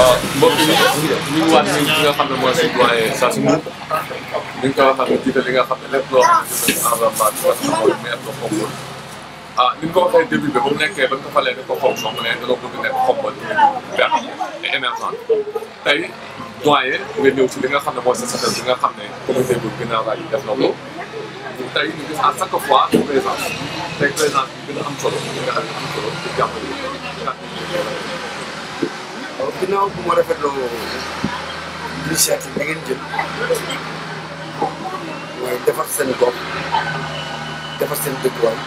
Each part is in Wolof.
Ah, mbokk yi ñu ngi waat ñu ngi nga xam ne mooy suñu doyen Sassou Ndour ñu ngi koy waxal jiite li nga xam ne lépp loo xam ne environnement bi parce que mooy muy am ko ah ni mu ko waxee début bi ba mu nekkee ba mu ko falee ne ko xompoon mu ne da nga bëgg nekk xompoon et émergent tey doyen nga ñëw ci li nga xam ne mooy sa satel bi nga xam ne comité bu ginnaaw yi def na ko tey ñu gis à chaque fois présence tey présence bi gën a am solo nga xam ne am solo ci jàppale ginnaaw bu ma rafetloo initiative bi ngeen jël mooy defar seen bopp defar seen dëkkuwaay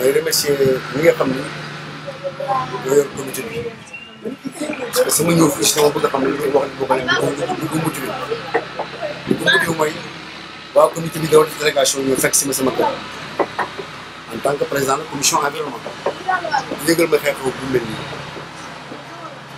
may remercier ñi nga xam ni ñoo yor comité bi parce que sama ñëw fii si sama bëgg a xam ne li ngay wax ni boo xam ne du ko motivé du ko motivé mooy waa comité si ma sama ko en tant que président de commission environnement légal ma xeexoo bu mel nii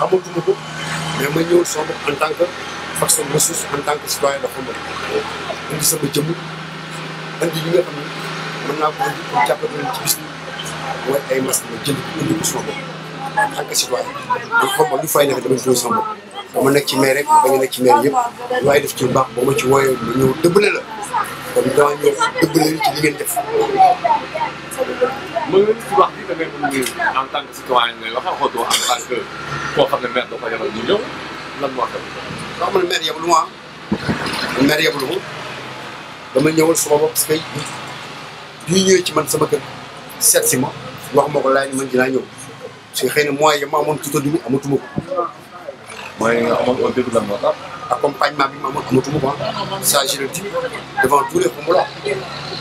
amatuma ko mais ma ñëwal sama en tant que personne ressource en tant que citoyen de xamal indi sama jëmm indi yi nga xam ne mën naa ko indi pour jàppale leen ci bis bi way ay masque ma jënd indi ko sama en tant que citoyen man xamal lu fay nekk dama ñëw sama bopp nekk ci rek nekk ci yëpp waaye def ci lu baax ba ma ci wooyee ma ñëw dëbbale la kon dama ñëw dëbbale ci li ngeen def mën nga ci wax bi da ngay mën en tant que citoyen ngay en tant que koo xam ne maire da ko yabal mu ñëw lan moo xew. ma ah maire yabalu ma ñëwal sama bopp bi ñëwee ci man sama kër seet si ma wax ma ko laaj ni man dinaa ñëw parce que xëy na moyens yi ma amoon ci tëdd bi amatuma ko. moyens yi nga amoon au début lan moo tax. accompagnement bi ma amoon amatuma ko ah ça je le dis devant tous les Koumbola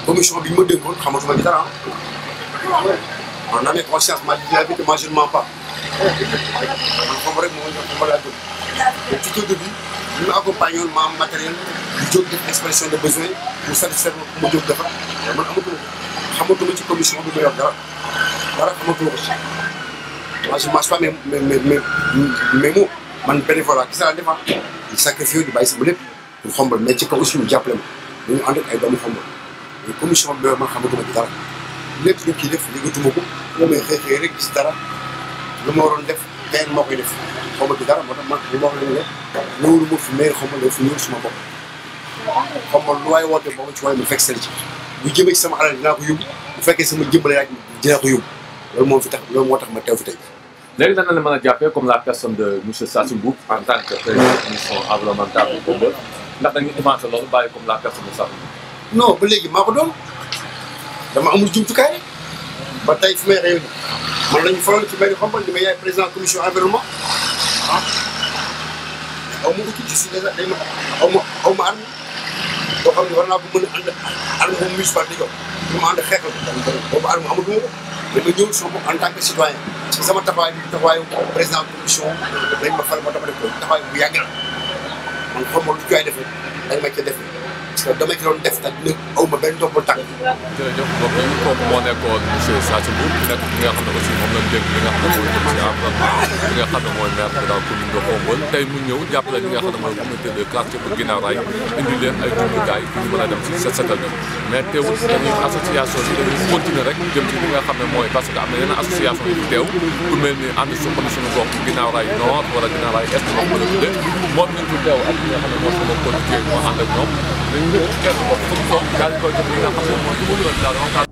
commission bi ñu ma dénkoon xamatuma ci dara ah. on en est ma je ne mens xam rek moom ma laa gëm tout au début ñu ma accompagné woon ma am ma jóg defar man amatuma ko xamatuma ci commission ma ci moom man bénévole kaw aussi ñu jàppale ma dañu ànd ak ay dara lépp lu kii def yëgatuma ko moom xëy xëy rek dara lu ma waroon def benn moo koy def xaw ma ci dara moo tax man li ma wax leen ne ñëwul ma fi meer xaw ma la suma bopp xaw ma lu waay woote boo ci waay ma fekk seen ci bu jëmee ci sama alal dinaa ko yóbbu bu fekkee sama jëmbale laaj dinaa ko yóbbu loolu moo fi tax loolu moo tax ma teew fi tey léegi dana la comme la personne de monsieur Sassou Mboup en tant que président commission environnementale bu Koungheul ndax dañuy avancé loolu bàyyi la personne de Sassou Mboup non ba léegi maa ko doon dama amul jumtukaay ba tey fi may man lañu faral ci mel ni xam-xam li may yaay président commission environnement ah xaw ma outil si dèjà day ma xaw ma xaw ma arme boo xam ne war naa ko mën a ànd a bu municipal di jox pour ma ànd xeexal ko tamit boobu arme amatuma ko mais ma ñëw sama en tant que citoyen sama taxawaay bi taxawaayu président commission dañ ma fal ma dama def ko taxawaay bu yàgga la man xam ma lu ñu defee dañ ma ca defee. la dama ci doon def te dina aw ma benn topp tànk. jërëjëf mbokk yi kooku moo nekkoon monsieur Sathie Mboup nekk ki nga xam ne aussi moom lañ dégg li nga xam ne mooy jëm si environnement bi nga xam ne mooy maire de la commune de Khombole tey mu ñëw jàppale li nga xam ne mooy communauté de quartier bu Guinaw Rail indi leen ay jumtukaay pour ñu mën a dem si set setal bi mais teewul dañuy association bi dañuy continuer rek jëm ci li nga xam ne mooy parce que am na yenn association yu teew ku mel ni ànd suqal suñu gox Guinaw Rail Nord wala Guinaw Rail Est moom la tuddee moom nañ ko teew ak li nga xam ne moo sama producteur moo ànd ak ñoom Ich habe auch schon gesagt, ich habe heute Morgen mal gewundert,